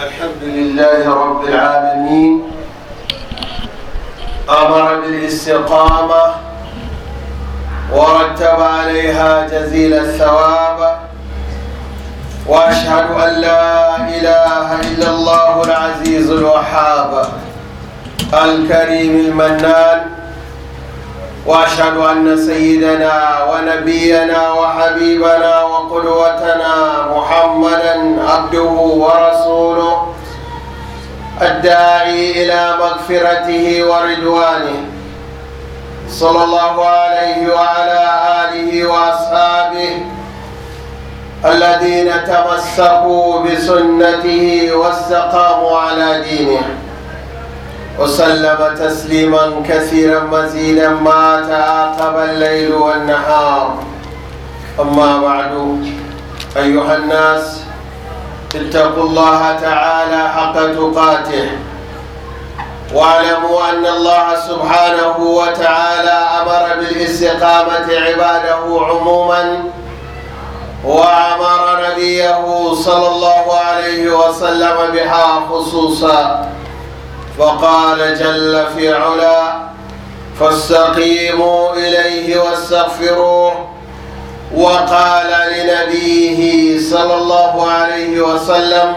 الحمد لله رب العالمين أمر بالاستقامة ورتب عليها جزيل الثواب وأشهد أن لا إله إلا الله العزيز الوهاب الكريم المنان واشهد ان سيدنا ونبينا وحبيبنا وقدوتنا محمدا عبده ورسوله الداعي الى مغفرته ورضوانه صلى الله عليه وعلى اله واصحابه الذين تمسكوا بسنته واستقاموا على دينه وسلم تسليما كثيرا مزيدا ما تعاقب الليل والنهار أما بعد أيها الناس اتقوا الله تعالى حق تقاته واعلموا أن الله سبحانه وتعالى أمر بالاستقامة عباده عموما وأمر نبيه صلى الله عليه وسلم بها خصوصا وقال جل في علا فاستقيموا إليه واستغفروه وقال لنبيه صلى الله عليه وسلم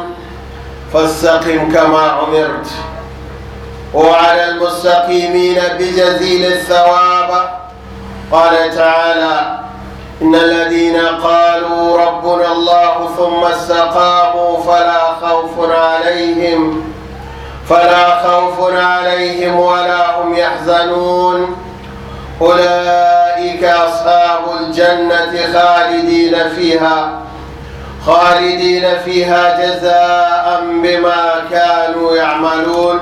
فاستقم كما أمرت وعلى المستقيمين بجزيل الثواب قال تعالى إن الذين قالوا ربنا الله ثم استقاموا فلا خوف عليهم فلا خوف عليهم ولا هم يحزنون أولئك أصحاب الجنة خالدين فيها خالدين فيها جزاء بما كانوا يعملون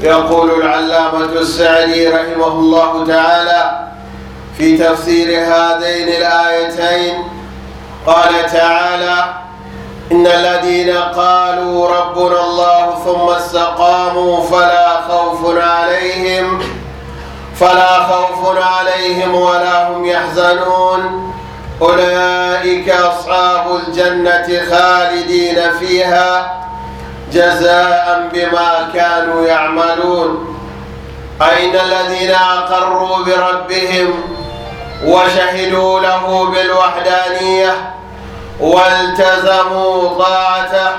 يقول العلامة السعدي رحمه الله تعالى في تفسير هذين الآيتين قال تعالى إن الذين قالوا ربنا الله ثم استقاموا فلا خوف عليهم فلا خوف عليهم ولا هم يحزنون أولئك أصحاب الجنة خالدين فيها جزاء بما كانوا يعملون أين الذين أقروا بربهم وشهدوا له بالوحدانية والتزموا طاعته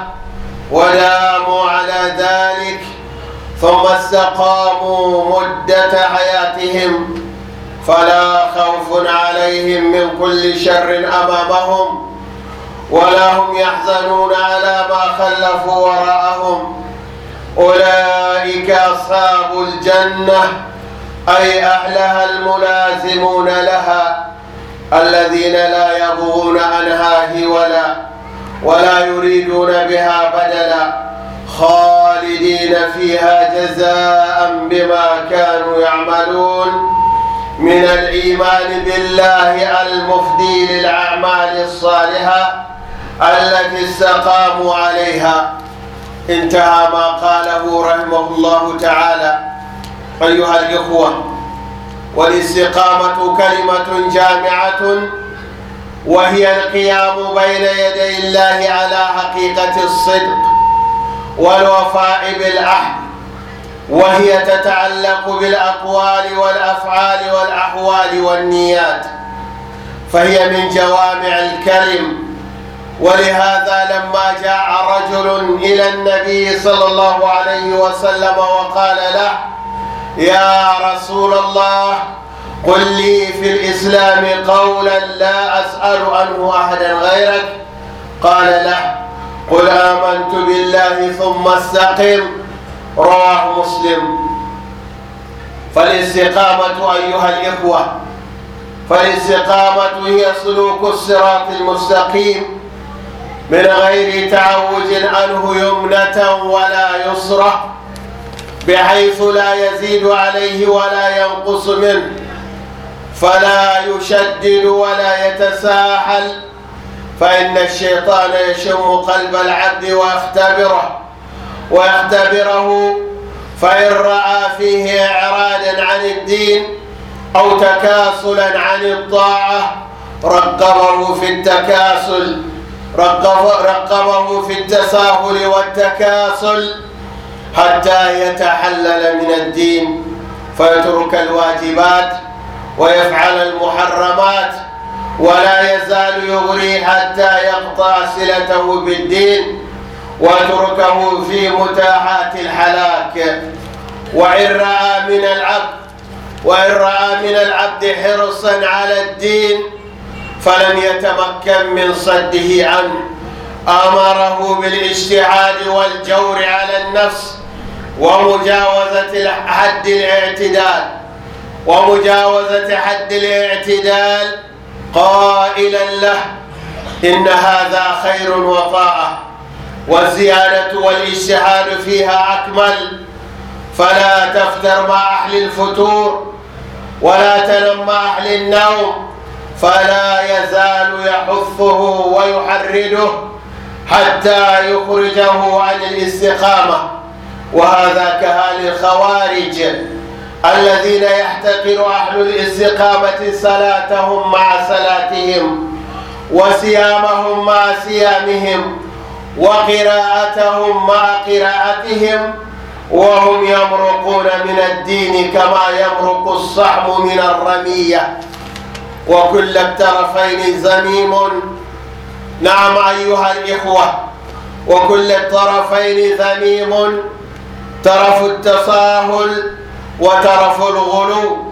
وداموا على ذلك ثم استقاموا مدة حياتهم فلا خوف عليهم من كل شر أمامهم ولا هم يحزنون على ما خلفوا وراءهم أولئك أصحاب الجنة أي أهلها الملازمون لها الذين لا يبغون عنها هولا ولا يريدون بها بدلا خالدين فيها جزاء بما كانوا يعملون من الإيمان بالله المفدي للأعمال الصالحة التي استقاموا عليها انتهى ما قاله رحمه الله تعالى أيها الإخوة والاستقامة كلمة جامعة وهي القيام بين يدي الله على حقيقة الصدق والوفاء بالعهد وهي تتعلق بالأقوال والأفعال والأحوال والنيات فهي من جوامع الكلم ولهذا لما جاء رجل إلى النبي صلى الله عليه وسلم وقال له يا رسول الله قل لي في الإسلام قولا لا أسأل عنه أحدا غيرك قال له قل آمنت بالله ثم استقم رواه مسلم فالاستقامة أيها الإخوة فالاستقامة هي سلوك الصراط المستقيم من غير تعوج عنه يمنة ولا يسرة بحيث لا يزيد عليه ولا ينقص منه فلا يشدد ولا يتساهل فإن الشيطان يشم قلب العبد ويختبره ويختبره فإن رأى فيه إعراضا عن الدين أو تكاسلا عن الطاعة رقبه في التكاسل رقبه في التساهل والتكاسل حتى يتحلل من الدين فيترك الواجبات ويفعل المحرمات ولا يزال يغري حتى يقطع صلته بالدين وتركه في متاحات الحلاك وإن رأى من العبد وإن رأى من العبد حرصا على الدين فلم يتمكن من صده عنه أمره بالاجتهاد والجور على النفس ومجاوزة حد الاعتدال ومجاوزة حد الاعتدال قائلا له إن هذا خير وطاعة والزيادة والاجتهاد فيها أكمل فلا تفتر مع أهل الفتور ولا تنم مع أهل النوم فلا يزال يحثه ويحرده حتى يخرجه عن الاستقامه وهذا كهال الخوارج الذين يحتقر أهل الاستقامة صلاتهم مع صلاتهم وصيامهم مع صيامهم وقراءتهم مع قراءتهم وهم يمرقون من الدين كما يمرق الصعب من الرمية وكل الطرفين زميم نعم أيها الإخوة وكل الطرفين ذميم ترف التساهل وترف الغلو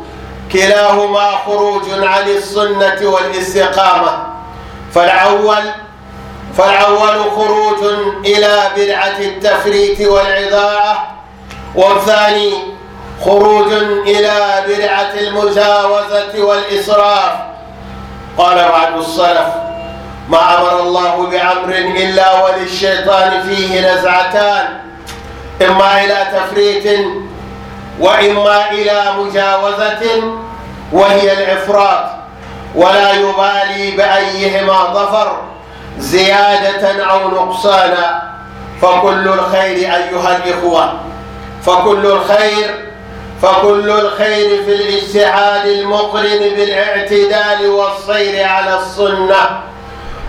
كلاهما خروج عن السنة والاستقامة فالأول فالأول خروج إلى بدعة التفريط والعضاعة والثاني خروج إلى بدعة المجاوزة والإسراف قال بعض السلف ما أمر الله بأمر إلا وللشيطان فيه نزعتان إما إلى تفريط وإما إلى مجاوزة وهي الإفراط ولا يبالي بأيهما ظفر زيادة أو نقصانا فكل الخير أيها الإخوة فكل الخير فكل الخير في الاجتهاد المقرن بالاعتدال والصير على السنة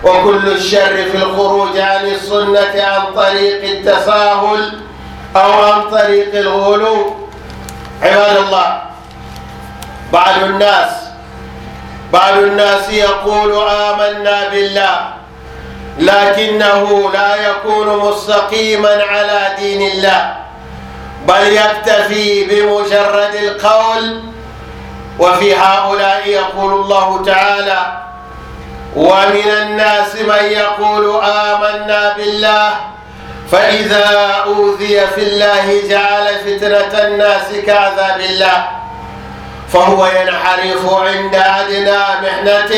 وكل الشر في الخروج عن السنة عن طريق التساهل أو عن طريق الغلو عباد الله بعض الناس بعض الناس يقول آمنا بالله لكنه لا يكون مستقيما على دين الله بل يكتفي بمجرد القول وفي هؤلاء يقول الله تعالى ومن الناس من يقول آمنا بالله فإذا أوذي في الله جعل فتنة الناس كعذاب الله فهو ينحرف عند أدنى محنة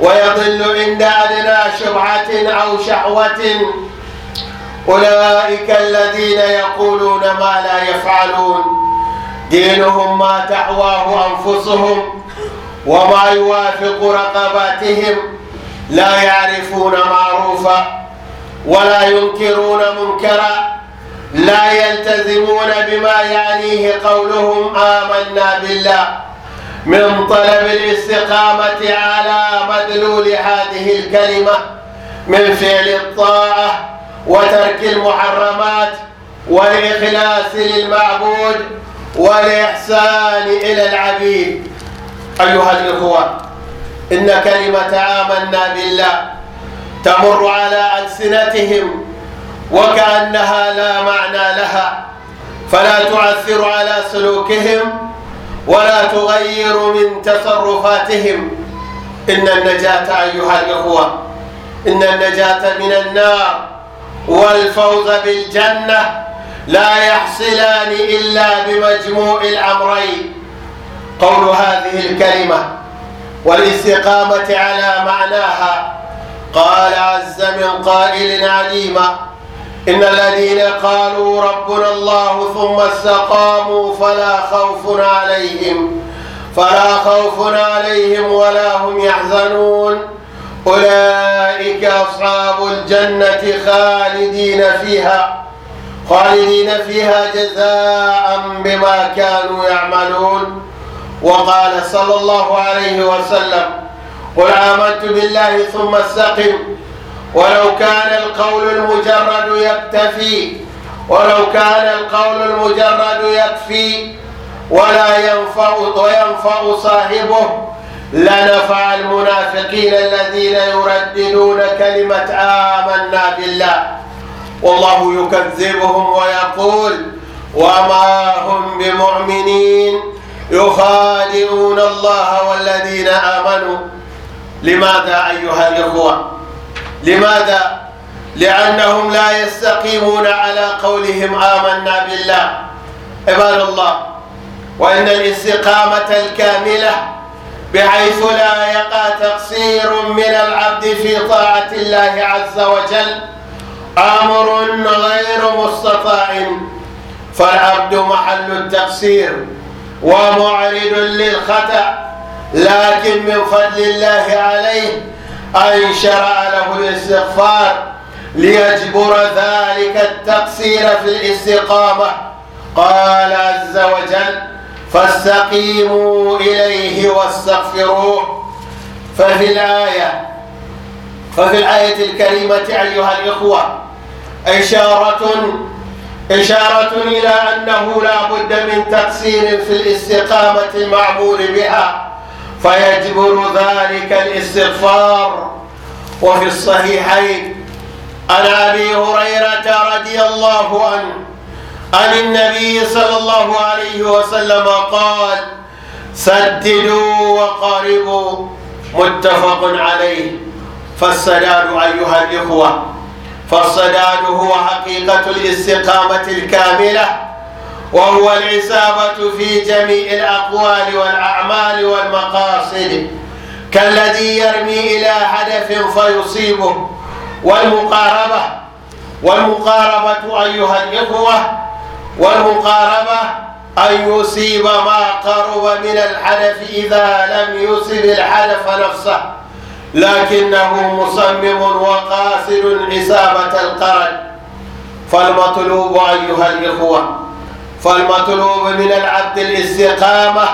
ويضل عند أدنى شبعة أو شحوة أولئك الذين يقولون ما لا يفعلون دينهم ما تحواه أنفسهم وما يوافق رقباتهم لا يعرفون معروفا ولا ينكرون منكرا لا يلتزمون بما يعنيه قولهم آمنا بالله من طلب الاستقامة على مدلول هذه الكلمة من فعل الطاعة وترك المحرمات والإخلاص للمعبود والإحسان إلى العبيد أيها الإخوة إن كلمة آمنا بالله تمر على ألسنتهم وكأنها لا معنى لها فلا تعثر على سلوكهم ولا تغير من تصرفاتهم إن النجاة أيها الإخوة إن النجاة من النار والفوز بالجنة لا يحصلان إلا بمجموع الأمرين قول هذه الكلمة والاستقامة على معناها قال عز من قائل عليما إن الذين قالوا ربنا الله ثم استقاموا فلا خوف عليهم فلا خوف عليهم ولا هم يحزنون أولئك أصحاب الجنة خالدين فيها خالدين فيها جزاء بما كانوا يعملون وقال صلى الله عليه وسلم قل آمنت بالله ثم استقم ولو كان القول المجرد يكتفي ولو كان القول المجرد يكفي ولا ينفع وينفع صاحبه لنفع المنافقين الذين يرددون كلمة آمنا بالله والله يكذبهم ويقول وما هم بمؤمنين يخادعون الله والذين آمنوا لماذا أيها الإخوة لماذا لأنهم لا يستقيمون على قولهم آمنا بالله عباد الله وإن الاستقامة الكاملة بحيث لا يقع تقصير من العبد في طاعة الله عز وجل أمر غير مستطاع فالعبد محل التقصير ومعرض للخطأ لكن من فضل الله عليه أن شرع له الاستغفار ليجبر ذلك التقصير في الاستقامة قال عز وجل فاستقيموا إليه واستغفروه ففي الآية ففي الآية الكريمة أيها الإخوة إشارة إشارة إلى أنه لا بد من تقصير في الاستقامة المعمول بها فيجبر ذلك الاستغفار وفي الصحيحين عن ابي هريره رضي الله عنه عن النبي صلى الله عليه وسلم قال سددوا وقاربوا متفق عليه فالسداد ايها الاخوه فالصداد هو حقيقه الاستقامه الكامله وهو العصابة في جميع الأقوال والأعمال والمقاصد كالذي يرمي إلى هدف فيصيبه والمقاربة والمقاربة أيها الإخوة والمقاربة أن يصيب ما قرب من الحدف إذا لم يصب الحدف نفسه لكنه مصمم وقاصد عصابة القرن فالمطلوب أيها الإخوة فالمطلوب من العبد الاستقامة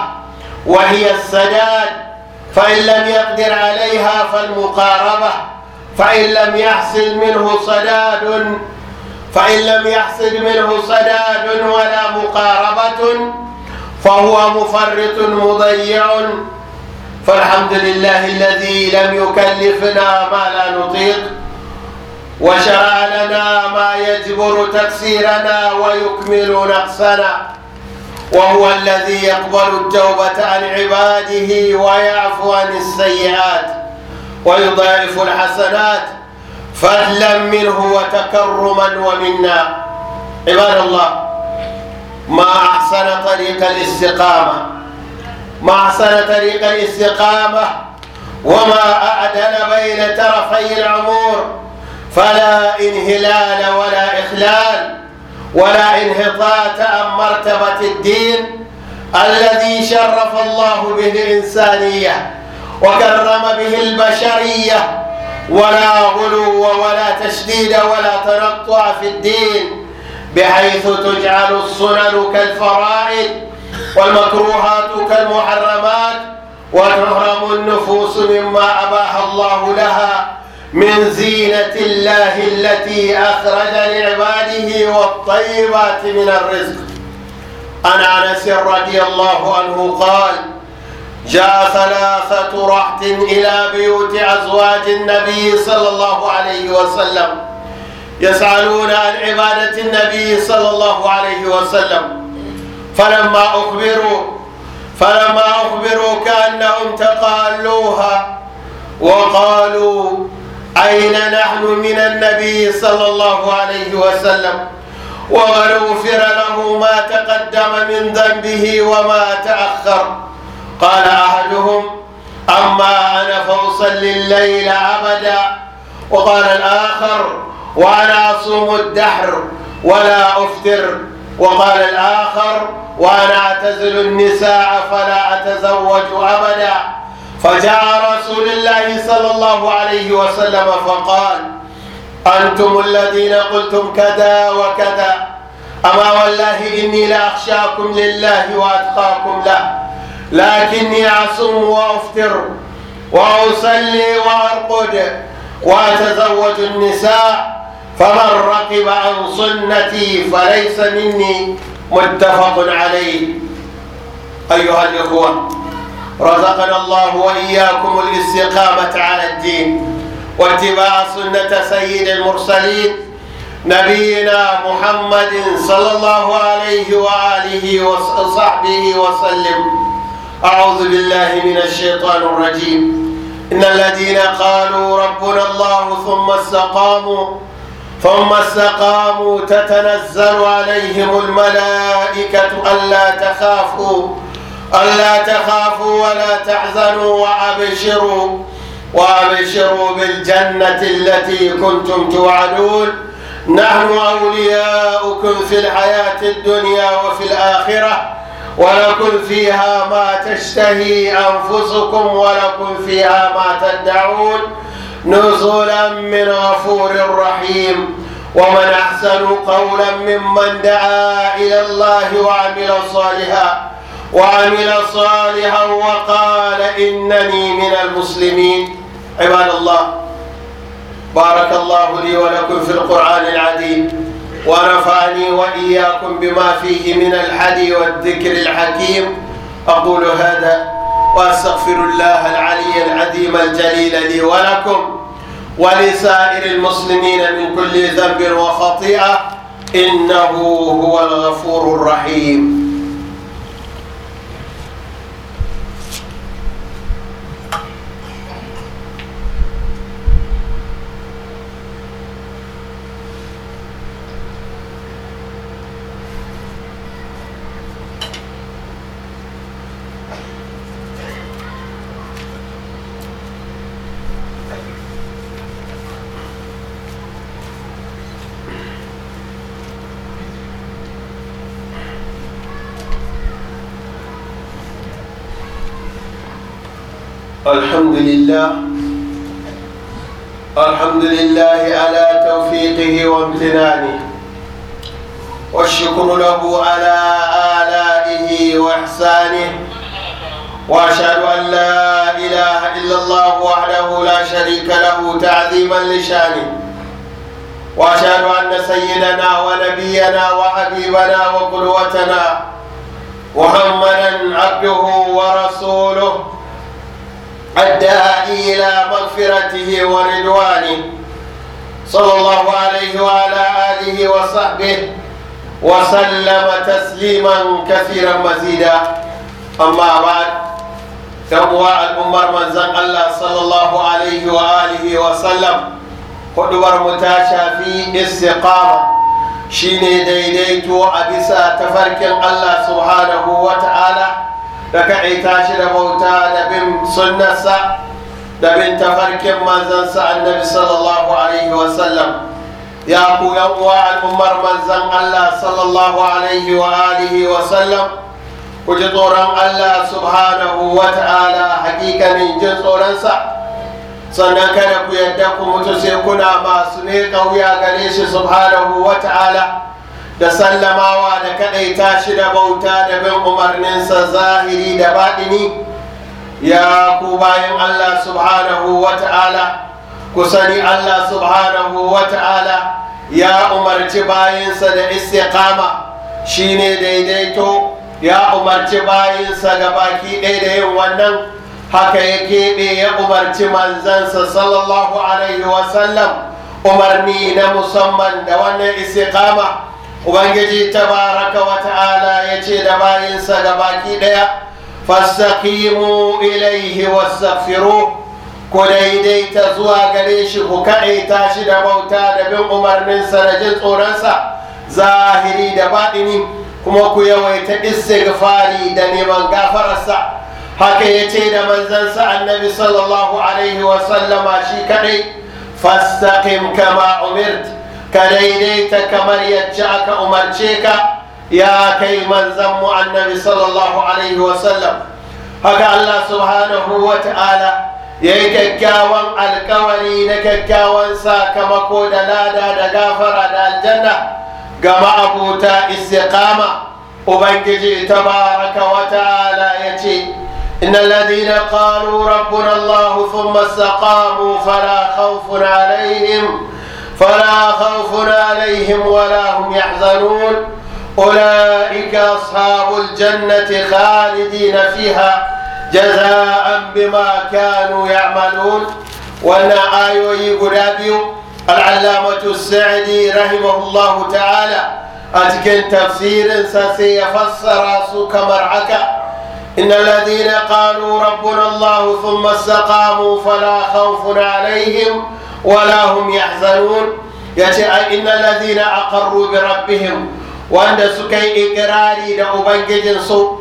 وهي السداد فإن لم يقدر عليها فالمقاربة فإن لم يحصل منه صداد فإن لم يحصل منه صداد ولا مقاربة فهو مفرط مضيع فالحمد لله الذي لم يكلفنا ما لا نطيق وشرع لنا ما يجبر تفسيرنا ويكمل نقصنا وهو الذي يقبل التوبة عن عباده ويعفو عن السيئات ويضاعف الحسنات فضلا منه وتكرما ومنا عباد الله ما أحسن طريق الاستقامة ما أحسن طريق الاستقامة وما أعدل بين طرفي العمور فلا انهلال ولا إخلال ولا انهطاط عن مرتبة الدين الذي شرف الله به الإنسانية وكرم به البشرية ولا غلو ولا تشديد ولا تنطع في الدين بحيث تجعل السنن كالفرائض والمكروهات كالمحرمات وتهرم النفوس مما أباح الله لها من زينة الله التي أخرج لعباده والطيبات من الرزق عن أنس رضي الله عنه قال جاء ثلاثة رحت إلى بيوت أزواج النبي صلى الله عليه وسلم يسألون عن عبادة النبي صلى الله عليه وسلم فلما أخبروا فلما أخبروا كأنهم تقالوها وقالوا أين نحن من النبي صلى الله عليه وسلم وأن له ما تقدم من ذنبه وما تأخر قال أحدهم أما أنا فأصلي الليل أبدا وقال الآخر وأنا أصوم الدحر ولا أفطر وقال الآخر وأنا أعتزل النساء فلا أتزوج أبدا فجاء رسول الله صلى الله عليه وسلم فقال أنتم الذين قلتم كذا وكذا أما والله إني لأخشاكم لله وأتقاكم له لكني أصوم وأفطر وأصلي وأرقد وأتزوج النساء فمن رقب عن سنتي فليس مني متفق عليه أيها الإخوة رزقنا الله وإياكم الاستقامة على الدين واتباع سنة سيد المرسلين نبينا محمد صلى الله عليه وآله وصحبه وسلم أعوذ بالله من الشيطان الرجيم إن الذين قالوا ربنا الله ثم استقاموا ثم استقاموا تتنزل عليهم الملائكة ألا تخافوا ألا تخافوا ولا تحزنوا وأبشروا وأبشروا بالجنة التي كنتم توعدون نحن أولياؤكم في الحياة الدنيا وفي الآخرة ولكم فيها ما تشتهي أنفسكم ولكم فيها ما تدعون نزلا من غفور رحيم ومن أحسن قولا ممن دعا إلى الله وعمل صالحا وعمل صالحا وقال إنني من المسلمين عباد الله بارك الله لي ولكم في القرآن العظيم ونفعني وإياكم بما فيه من الحدي والذكر الحكيم أقول هذا وأستغفر الله العلي العظيم الجليل لي ولكم ولسائر المسلمين من كل ذنب وخطيئة إنه هو الغفور الرحيم الحمد لله الحمد لله على توفيقه وامتنانه والشكر له على آلائه وإحسانه وأشهد أن لا إله إلا الله وحده لا شريك له تعظيما لشانه وأشهد أن سيدنا ونبينا وحبيبنا وقدوتنا محمدا عبده ورسوله أدى إلى مغفرته ورضوانه صلى الله عليه وعلى آله وصحبه وسلم تسليما كثيرا مزيدا أما بعد تبوى الأمر من زن الله صلى الله عليه وآله وسلم خدور متاشا في استقامة شيني ديديتو أبسا تفرك الله سبحانه وتعالى ركعي تاشر موتا نبي سنة سا نبي تفرك منزن سا النبي صلى الله عليه وسلم يا أبو يوم الممر منزن الله صلى الله عليه وآله وسلم وجدورا الله سبحانه وتعالى حقيقة من جدورا سا sannan kada ku yadda ku mutu sai kuna masu ne kauya gare shi subhanahu wa ta'ala da sallamawa da kaɗaita shi da bauta da bin umarninsa zahiri da baɗini ya ku bayan Allah subhanahu wa ta'ala ku sani Allah subhanahu wa ta'ala ya umarci bayansa da istiqama shine daidaito ya umarci bayansa ga baki ɗaya da yin wannan haka ya keɓe ya umarci manzansa sallallahu alaihi wasallam umarni na musamman da wannan istiqama ubangiji tabaraka wa ta'ala ya ce da bayinsa ga baki daya fastaqimu ilaihi wastaghfiru ku daidaita zuwa gare shi ku kaɗaita shi da bauta da bin umarninsa da jin tsoronsa zahiri da baɗini kuma ku yawaita istighfari da neman gafararsa haka ya ce da manzansa annabi sallallahu alaihi wasallama shi kaɗai fastaqim kama umirt كديديت كمر يجعك أمرجيك يا كي من زم النبي صلى الله عليه وسلم هكا الله سبحانه وتعالى yayi kyakkyawan alkawari na kyakkyawan sakamako da lada da gafara da aljanna ga ma'abuta istiqama ubangiji tabaraka wa ta'ala ya ce innal ladina qalu rabbuna allah thumma istaqamu fala khawfun alaihim فلا خوف عليهم ولا هم يحزنون أولئك أصحاب الجنة خالدين فيها جزاء بما كانوا يعملون وانا آيوي قرابيو العلامة السعدي رحمه الله تعالى أتكن تفسير سيفسر راسك مرعكا إن الذين قالوا ربنا الله ثم استقاموا فلا خوف عليهم ولا هم يحزنون إن الذين أقروا بربهم وأن سكي إقراري لأبنجد سوء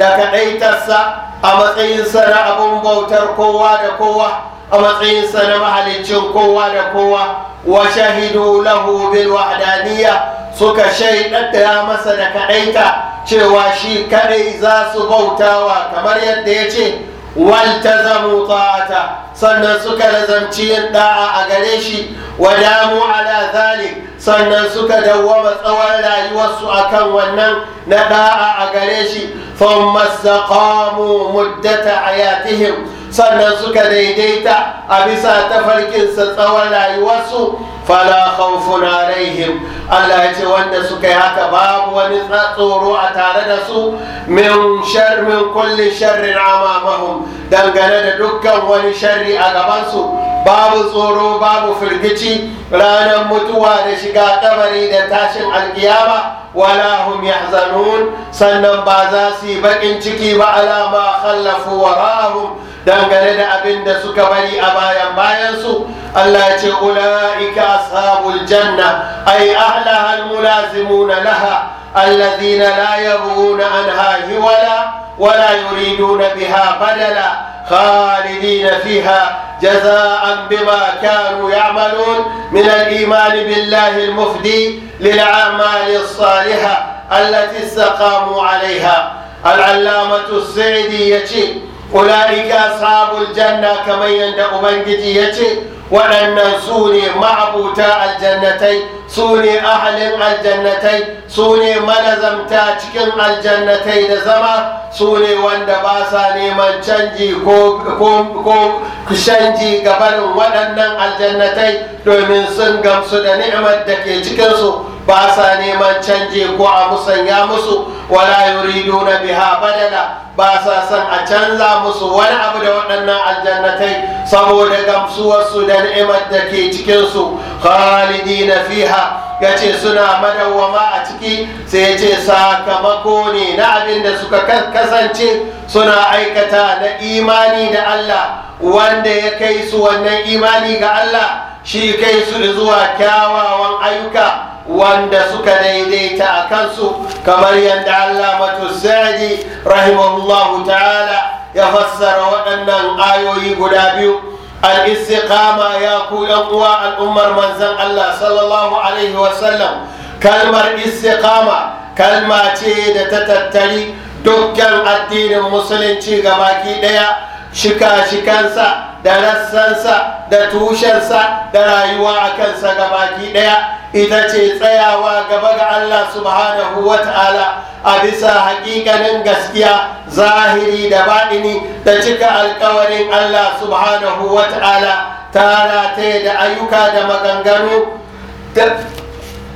دكعيت السا أمتين سنة أبو بوتر قوة قوة a matsayinsa na mahalicin kowa da kowa wa shahidu lahu bil wahdaniya suka shaidata masa da kadaita cewa shi kadai za su bautawa kamar yadda ya ce waltazamu ta'ata sannan suka lazamci yin da'a a gare shi wa damu ala zalik sannan suka dawwama tsawon rayuwarsu akan wannan na da'a a gare shi thumma istaqamu muddata hayatihim sannan suka daidaita a bisa tafarkinsa tsawon rayuwarsu fala khawfun alaihim Allah ya ce wanda suka yi haka babu wani tsoro a tare da su min shar min kulli sharrin amamahum dangane da dukkan wani sharri a gabansu babu tsoro babu firgici ranar mutuwa da shiga kabari da tashin alkiyama wala hum yahzanun sannan ba za su yi bakin ciki ba alama khallafu warahum dangane da abin da suka bari a bayan bayansu Allah ya ce ula'ika ashabul janna ay hal mulazimuna laha alladhina la yabuna anha hiwala wala yuriduna biha badala khalidina fiha jazaan bima خالدين فيها جزاء بما كانوا يعملون من الإيمان بالله المفدي للأعمال الصالحة التي استقاموا عليها العلامة السعدي يشير أولئك أصحاب الجنة كما يند أمنجد يتي وأن سوني معبوتا الجنتين سوني أهل الجنتين سوني منزمتا تكن الجنتين زما سوني واند باساني من شنجي كوب كوب كوب شنجي قبل وأن الجنتين دومن سنقم سنة نعمة دكي تكنسو ba sa neman canje ko a musanya musu wala yuriduna biha badala ba sa son a canza musu wani abu da waɗannan aljannatai saboda gamsuwarsu da ni'imar da ke cikinsu khalidina fiha ya ce suna madawwama a ciki sai ya ce sakamako ne na abin da suka kasance suna aikata na imani da Allah wanda ya kai su wannan imani ga Allah shi kai su zuwa kyawawan ayyuka wanda suka daidaita a kansu kamar yadda allamatu sa'adi rahimahullahu ta'ala ya fassara waɗannan ayoyi guda biyu al-istiqama ya ku yan uwa al'ummar manzon Allah sallallahu alaihi wasallam kalmar istiqama kalma ce da ta tattari dukkan addinin musulunci gabaki ɗaya shika-shikansa da rassansa da tushensa da rayuwa a kansa gabaki ɗaya ita ce tsayawa gaba ga Allah subhanahu wa ta'ala a bisa hakikanin gaskiya zahiri da baɗini da cika alkawarin Allah subhanahu wa ta'ala tara ta da ayyuka da maganganu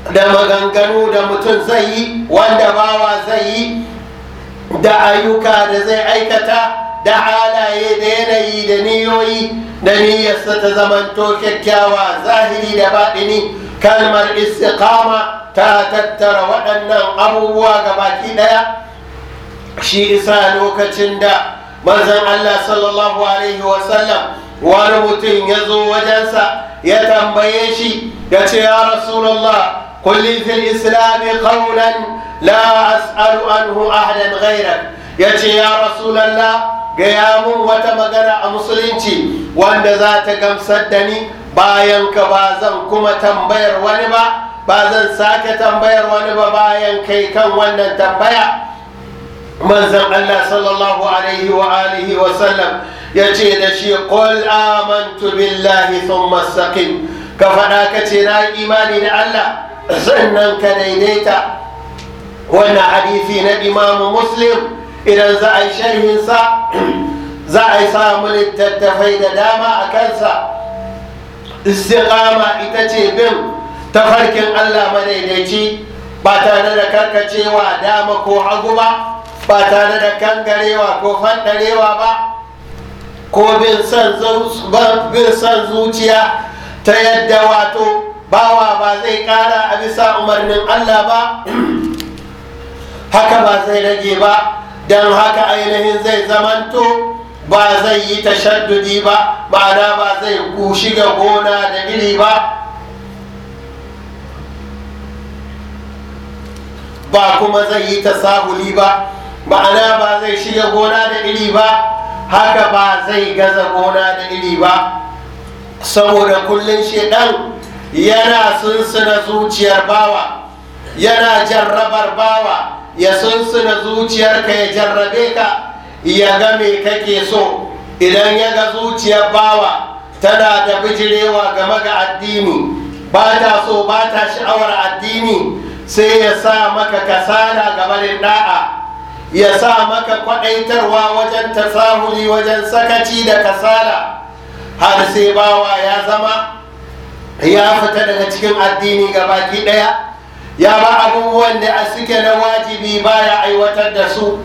da maganganu da mutum zai yi wanda bawa zai yi da ayyuka da zai aikata da halaye da yanayi da niyoyi da niyyarsa ta zamanto kyakkyawa zahiri da baɗini kalmar istiqama ta tattara waɗannan abubuwa ga baki ɗaya shi isa lokacin da manzon Allah sallallahu alaihi wasallam wani mutum ya zo wajensa ya tambaye shi ya ce ya rasulallah kulli fil islami qawlan la as'alu anhu ahadan ghairak ya ce ya rasulallah gaya mun wata magana a musulunci wanda za ta gamsar da ni bayan ka ba zan kuma tambayar wani ba ba zan sake tambayar wani ba bayan kai kan wannan tambaya manzan Allah sallallahu alaihi wa alihi wa sallam ya ce da shi qul amantu billahi thumma istaqim ka faɗa ka ce na imani da Allah sannan ka daidaita wannan hadisi na imamu muslim idan za a yi sharhinsa za a yi samun littattafai da dama a kansa istiqama ita ce bin tafarkin allah madaidaici ba tare da karkacewa dama ko hagu ba ba tare da kangarewa ko fandarewa ba ko bin son zuciya ta yadda wato bawa ba zai kara a bisa umarnin allah ba haka ba zai rage ba don haka ainihin zai zamanto ba zai yi tashaddudi ba ma'ana ba zai kushi ga gona da iri ba ba kuma zai yi tasahuli ba ma'ana ba zai shiga gona da iri ba haka ba zai gaza gona da iri ba saboda kullum shedan yana sunsuna zuciyar bawa yana jarrabar bawa ya sunsuna zuciyarka ya jarrabe ka ya ga me kake so idan ya ga zuciyar bawa tana da bijirewa game ga addini ba ta so ba ta sha'awar addini sai ya sa maka kasala game da da'a ya sa maka kwaɗaitarwa wajen tasahuli wajen sakaci da kasala har sai bawa ya zama ya fita daga cikin addini gabaki ɗaya ya ba abubuwan da suke na wajibi baya aiwatar da su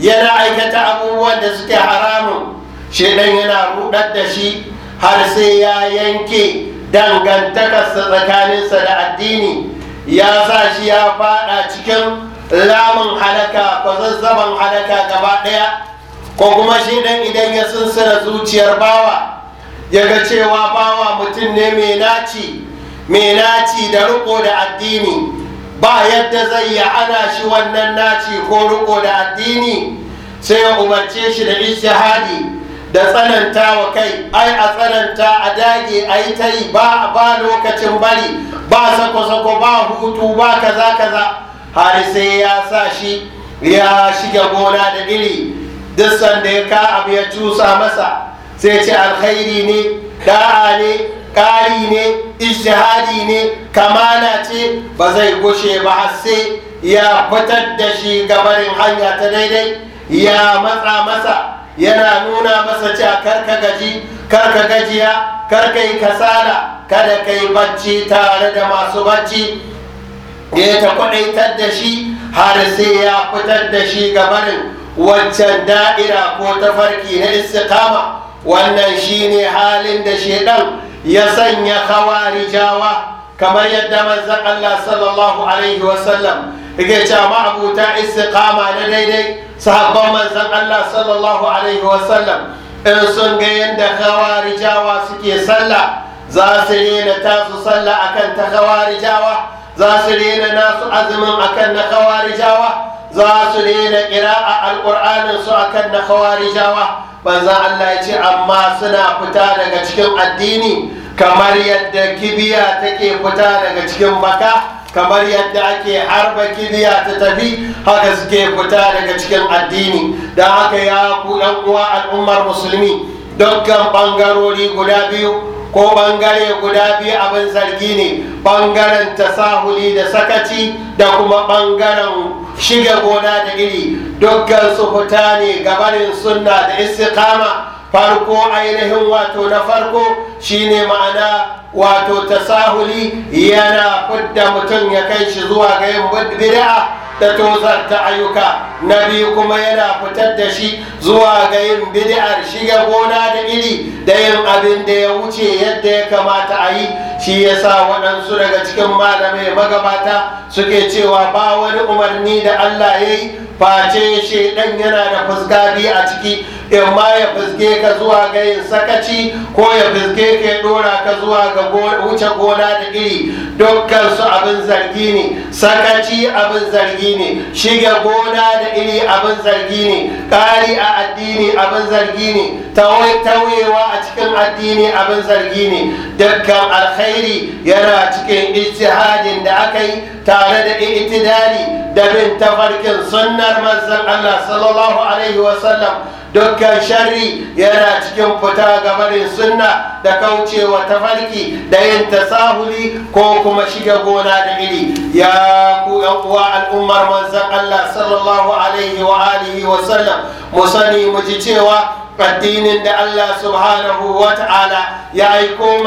yana aikata abubuwan da suke haramun shedan yana rudar da shi har sai ya yanke dangantakarsa tsakaninsa da addini ya sa shi ya fada cikin lamun halaka kwazazzaban halaka gaba daya ko kuma shedan idan ya sunsuna zuciyar bawa yaga ga cewa bawa mutum ne mai naci mai naci da riko da addini ba yadda zai ya ana shi wannan naci ko riko da addini sai ya umarce shi da ishihadi da tsananta wa kai ai a tsananta a dage a yi ta yi ba ba lokacin bari ba sako-sako ba hutu ba kaza-kaza har sai ya sa shi ya shiga gona da iri duk sanda ya ka abu ya cusa masa sai ce alkhairi ne da'a ne ƙari ne ishihadi ne kamala ce ba zai gushe ba har sai ya fitar da shi gabarin hanya ta daidai ya matsa masa yana nuna masa cewa karka gaji karka gajiya karka yi kasala kada ka yi bacci tare da masu bacci ya ta kwadaitar da shi har sai ya fitar da shi gabarin waccan da'ira ko tafarki na istiqama wannan shine halin da shedan ya sanya khawarijawa kamar yadda manzon Allah sallallahu alaihi wasallam yake cewa ma'abuta istiqama na daidai sahabban manzon Allah sallallahu alaihi wasallam in sun ga yadda khawarijawa suke sallah za su rena tasu sallah akan ta khawarijawa za su rena nasu azumin akan na khawarijawa za su daina ƙira'a alƙur'anin su akan na khawarijawa banza Allah ya ce amma suna fita daga cikin addini kamar yadda kibiya take fita daga cikin maka kamar yadda ake harba kibiya ta tafi haka suke fita daga cikin addini da haka ya ku uwa al'ummar musulmi dukkan ɓangarori guda biyu ko bangare guda biyu abin zargi ne bangaren tasahuli da sakaci da kuma bangaren shiga gona da iri dukkan su fita ne gabarin sunna da istiqama farko ainihin wato na farko shine ma'ana wato tasahuli yana fidda mutum ya kai shi zuwa ga yin bid'a ta tozar ta ayyuka na biyu kuma yana fitar da shi zuwa ga yin bid'ar shiga gona da iri da yin abin da ya wuce yadda ya kamata a yi shi yasa waɗansu daga cikin malamai magabata suke cewa ba wani umarni da Allah ya yi face shaidan yana da fuska biyu a ciki in ma ya fuske ka zuwa ga yin sakaci ko ya fuske ka ya dora ka zuwa ga wuce gona da iri dukkan su abin zargi ne sakaci abin zargi ne shiga gona da iri abin zargi ne ƙari a addini abin zargi ne tauyewa a cikin addini abin zargi ne dukkan alkhairi shairi yana cikin ijtihadin da akai tare da itidali da bin tafarkin sunnar manzon Allah sallallahu alaihi wasallam dukkan sharri yana cikin fita game da sunna da kaucewa tafarki da yin tasahuli ko kuma shiga gona da iri ya ku yan uwa al'ummar manzon Allah sallallahu alaihi wa alihi wa sallam mu sani mu ji cewa addinin da Allah subhanahu wa ta'ala ya aiko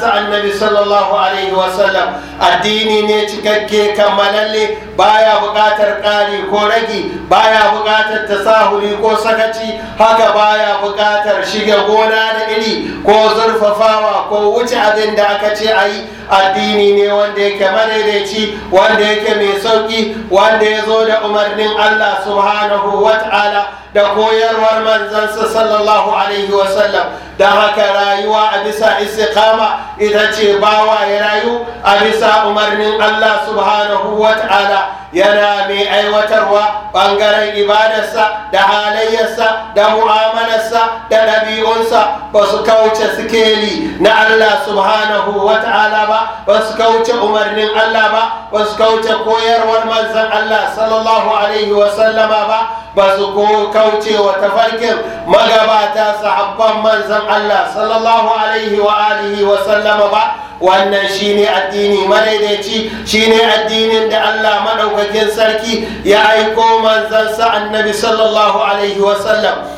sa annabi sallallahu alaihi wasallam addini ne cikakke kammalalle baya buƙatar ƙari ko ragi baya buƙatar tasahuli ko sakaci haka baya buƙatar shiga gona da iri ko zurfafawa ko wuce abin da aka ce a yi addini ne wanda yake madaidaici wanda yake mai sauƙi wanda ya zo da umarnin allah subhanahu wata'ala da koyarwar manzansa sallallahu alaihi wasallam don haka rayuwa a bisa istiqama ita ce bawa ya rayu a bisa umarnin allah subhanahu wata'ala yana mai aiwatarwa ɓangaren ibadarsa da halayyarsa da da mu'amalarsa da ɗabi'unsa ba su kauce sikeli na Allah subhanahu wa ta'ala ba ba su kauce umarnin Allah ba ba su kauce koyarwar manzan Allah sallallahu alaihi wa sallama ba ba su kauce wa tafarkin magabata sahabban manzan Allah sallallahu alaihi wa alihi wa sallama ba wannan shine addini madaidaici shine addinin da Allah madaukakin sarki ya aiko manzansa annabi sallallahu alaihi wasallam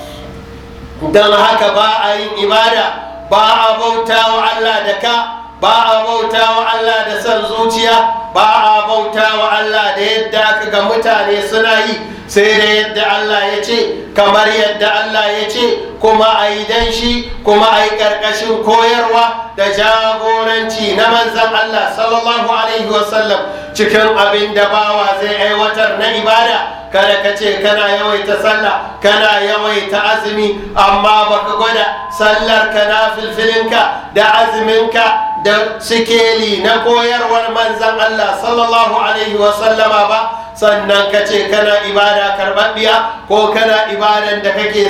don haka ba a yin ibada ba a bauta wa Allah da ka ba a bauta wa Allah da son zuciya ba a bautawa Allah da yadda aka ga mutane suna yi sai da yadda Allah ya ce kamar yadda Allah ya ce kuma a yi dan kuma a yi ƙarƙashin koyarwa da jagoranci na manzan Allah sallallahu alaihi wasallam cikin abin da bawa zai aiwatar na ibada kada ka ce kana yawaita sallah kana yawaita azumi amma baka gwada sallar ka na filfilinka da azuminka da sikeli na koyarwar manzan Allah Allah sallallahu alaihi wasallama ba sannan ka ce kana ibada karɓaɓɓiya ko kana ibadan da kake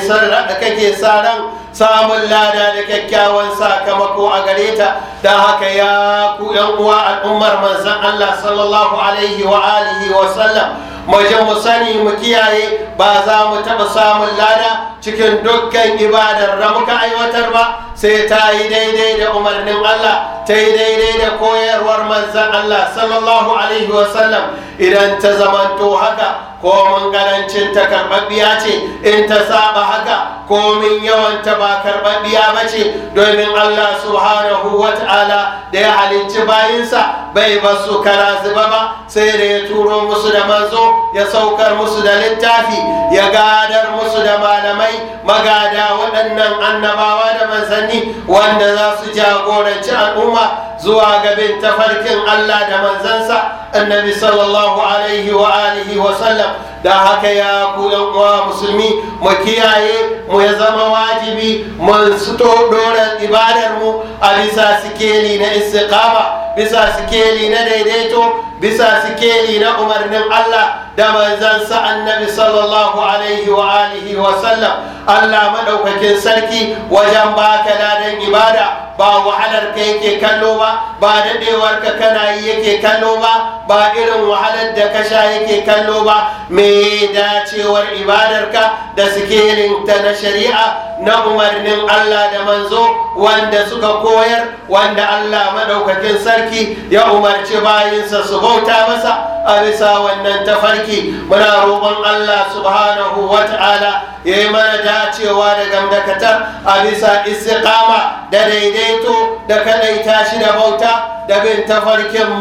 sa ran samun lada da kyakkyawan sakamako a gare ta don haka ya ku yan uwa al'ummar manzan Allah sallallahu alaihi wa alihi wa sallam muje mu sani mu kiyaye ba za mu taɓa samun lada cikin dukkan ibadar da muka aiwatar ba sai ta yi daidai da umarnin Allah ta yi daidai da koyarwar manzan Allah sallallahu alaihi wa sallam idan ta zamanto haka ko mun karancin ta karɓaɓɓiya ce in ta saba haka komin yawanta ba karɓaɓɓiya ba ce domin Allah subhanahu wa ta'ala da ya halicci bayinsa bai ba su kara zuba ba sai da ya turo musu da manzo ya saukar musu da littafi ya gadar musu da malamai magada waɗannan annabawa da manzanni wanda za su jagoranci al'umma zuwa ga bin tafarkin Allah da manzansa annabi sallallahu alaihi wa alihi wa sallam da haka ya ku yan uwa musulmi mu kiyaye mu ya zama wajibi mu suto doran ibadar mu a bisa sikeli na istiqama bisa sikeli na daidaito bisa sikeli na umarnin Allah da manzansa annabi sallallahu alaihi wa alihi wa sallam Allah madaukakin sarki wajen baka ladan ibada ba wahalar ka yake kallo ba ba ba dadewar ka kana yi yake kallo ba ba irin wahalar da ka sha yake kallo ba me dacewar ibadarka da sikirin ta na shari'a na umarnin Allah da manzo wanda suka koyar wanda Allah madaukakin sarki ya umarci bayinsa su bauta masa a bisa wannan tafarki muna roƙon Allah subhanahu wata'ala yayi yi mana dacewa da gamdakata a bisa istiqama da daidaito da kadaita shi da bauta da bin tafarkin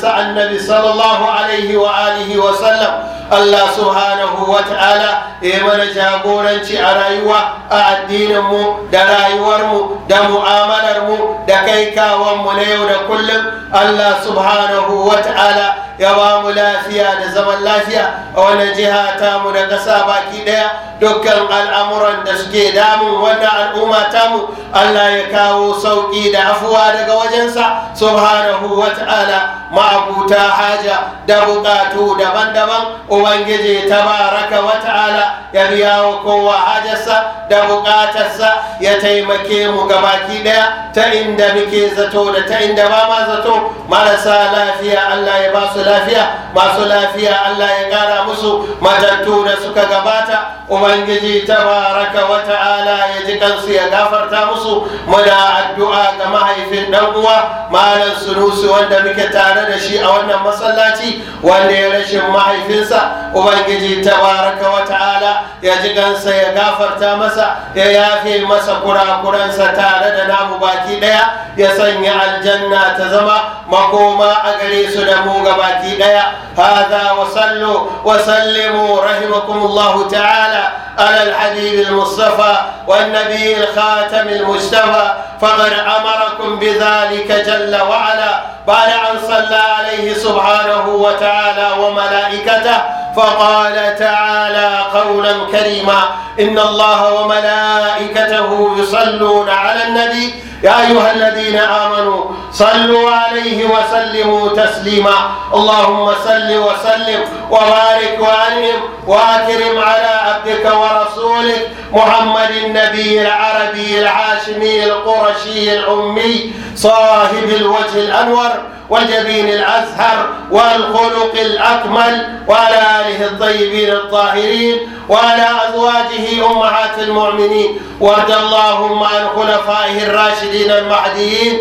sa annabi sallallahu alaihi wa alihi wa sallam Allah subhanahu wa ta'ala yayi mana jagoranci a rayuwa a addinin mu da rayuwar mu da mu'amalar mu da kai mu na yau da kullum Allah subhanahu wa ta'ala ya ba mu lafiya da zaman lafiya a wannan jiha tamu da ƙasa baki ɗaya dukkan al'amuran da suke damun wannan al'umma tamu Allah ya kawo sauƙi da afuwa daga wajensa subhanahu wa ta'ala ma'abuta haja da buƙatu daban-daban ubangiji tabaraka wa ta'ala ya biya wa kowa hajarsa da buƙatarsa ya taimake mu gabaki ɗaya ta inda muke zato da ta inda ba ma zato marasa lafiya Allah ya ba su lafiya lafiya masu lafiya Allah ya gara musu matattu da suka gabata ubangiji tabaraka wa ta'ala ya ji kansu ya gafarta musu muna addu'a ga mahaifin dan uwa malam sunusi wanda muke tare da shi a wannan masallaci wanda ya rashin mahaifinsa ubangiji tabaraka wa ta'ala ya ji gansa ya gafarta masa ya yafe masa kurakuransa tare da namu baki daya ya sanya aljanna ta zama makoma a gare su da mu ga baki daya hada wa sallu wa sallimu rahimakumullahu ta'ala على الحبيب المصطفى والنبي الخاتم المجتبى فقد أمركم بذلك جل وعلا بعد أن صلى عليه سبحانه وتعالى وملائكته فقال تعالى قولا كريما إن الله وملائكته يصلون على النبي يا أيها الذين آمنوا صلوا عليه وسلموا تسليما اللهم صل وسلم وبارك وأنعم وأكرم على عبدك ورسولك محمد النبي العربي العاشمي القرشي الأمي صاحب الوجه الأنور والجبين الأزهر والخلق الأكمل وعلى آله الطيبين الطاهرين وعلى أزواجه أمهات المؤمنين وارض اللهم عن خلفائه الراشدين المهديين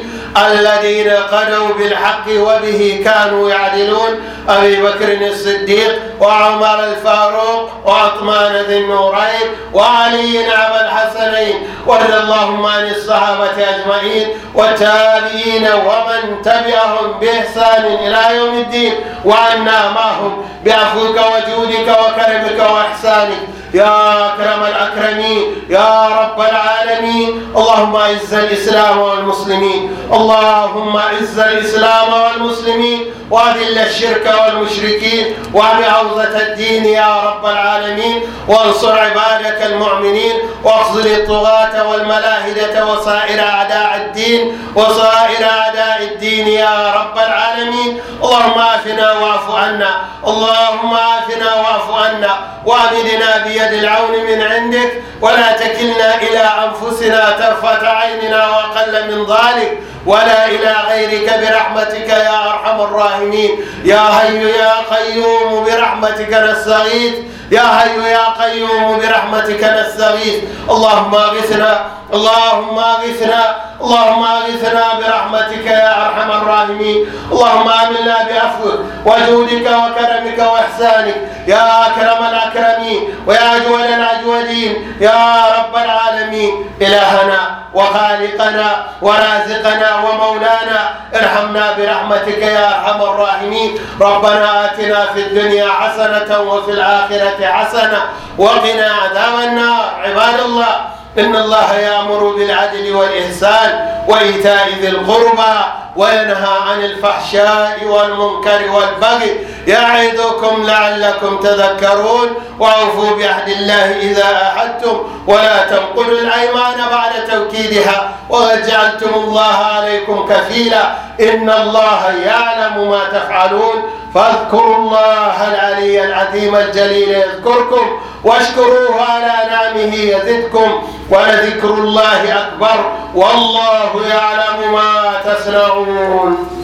الذين قدوا بالحق وبه كانوا يعدلون أبي بكر الصديق وعمر الفاروق وعثمان ذي النورين وعلي أبا الحسنين وارض اللهم عن الصحابة أجمعين والتابعين ومن تبعهم بإحسان إلى يوم الدين وعنا معهم بعفوك وجودك وكرمك وإحسانك يا أكرم الأكرمين يا رب العالمين اللهم أعز الإسلام والمسلمين اللهم أعز الإسلام والمسلمين وأذل الشرك والمشركين وأبي عوضة الدين يا رب العالمين وانصر عبادك المؤمنين واخذل الطغاة والملاهدة وصائر أعداء الدين وصائر أعداء الدين يا رب رب العالمين اللهم عافنا واعف عنا اللهم عافنا واعف عنا وامدنا بيد العون من عندك ولا تكلنا إلى أنفسنا ترفة عيننا وأقل من ذلك ولا إلى غيرك برحمتك يا أرحم الراحمين يا حي يا قيوم برحمتك نستغيث يا حي يا قيوم برحمتك نستغيث اللهم اغثنا اللهم اغثنا اللهم اغثنا برحمتك يا ارحم الراحمين اللهم امنا بعفوك وجودك وكرمك واحسانك يا اكرم الاكرمين ويا اجود الاجودين يا رب العالمين الهنا وخالقنا ورازقنا ومولانا ارحمنا برحمتك يا ارحم الراحمين ربنا اتنا في الدنيا حسنه وفي الاخره حسنه وقنا عذاب النار عباد الله إن الله يأمر بالعدل والإحسان وإيتاء ذي القربى وينهى عن الفحشاء والمنكر والبغي يعظكم لعلكم تذكرون وأوفوا بعهد الله إذا أحدتم ولا تنقلوا الأيمان بعد توكيدها وقد جعلتم الله عليكم كفيلا إن الله يعلم ما تفعلون فاذكروا الله العلي العظيم الجليل يذكركم واشكروه على نعمه يزدكم ولذكر الله أكبر والله يعلم ما تصنعون